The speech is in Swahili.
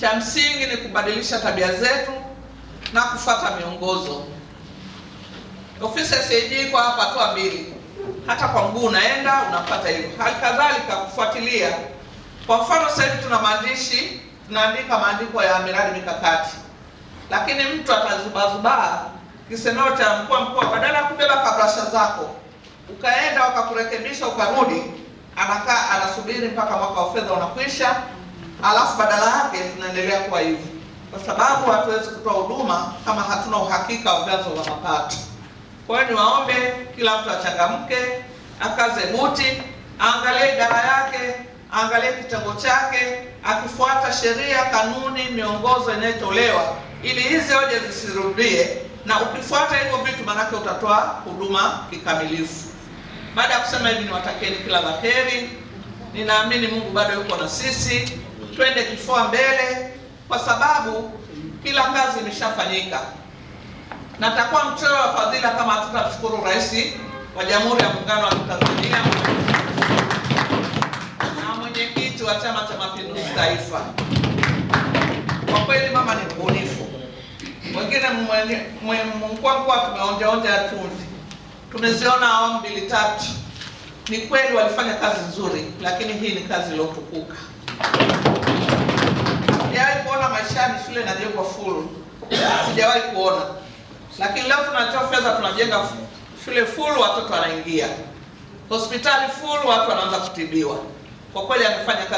Cha msingi ni kubadilisha tabia zetu na kufuata miongozo. Ofisi ya CAG kwa hapa hatua mbili, hata kwa mguu unaenda unapata hiyo. Hali kadhalika kufuatilia, kwa mfano sasa hivi tuna maandishi, tunaandika maandiko ya miradi mikakati, lakini mtu atazubazubaa kisemeo cha mkuu mkuu, badala ya kubeba kabrasha zako ukaenda wakakurekebisha ukarudi, anakaa anasubiri mpaka mwaka wa fedha unakwisha alafu badala yake tunaendelea kuwa hivi, kwa sababu hatuwezi kutoa huduma kama hatuna uhakika wa vyanzo vya mapato. Kwa hiyo niwaombe kila mtu achangamke, akaze buti, aangalie idara yake, aangalie kitengo chake, akifuata sheria, kanuni, miongozo inayotolewa ili hizi hoja zisirudie, na ukifuata hivyo vitu, maanake utatoa huduma kikamilifu. Baada ya kusema hivi, niwatakieni kila la heri. Ninaamini Mungu bado yuko na sisi twende kifua mbele, kwa sababu kila kazi imeshafanyika. Na takuwa mchoyo wa fadhila kama hatutamshukuru Rais wa Jamhuri ya Muungano wa Tanzania na mwenyekiti wa Chama cha Mapinduzi Taifa. Kwa kweli mama ni mbunifu, wengine mkwankwa tumeonjaonja tunzi tumeziona awamu mbili tatu. Ni kweli walifanya kazi nzuri, lakini hii ni kazi iliyotukuka. Maishani shule inajengwa full, sijawahi kuona, lakini leo tunatoa fedha, tunajenga shule full, watoto wanaingia hospitali full, watu wanaanza kutibiwa. Kwa kweli amefanya kazi.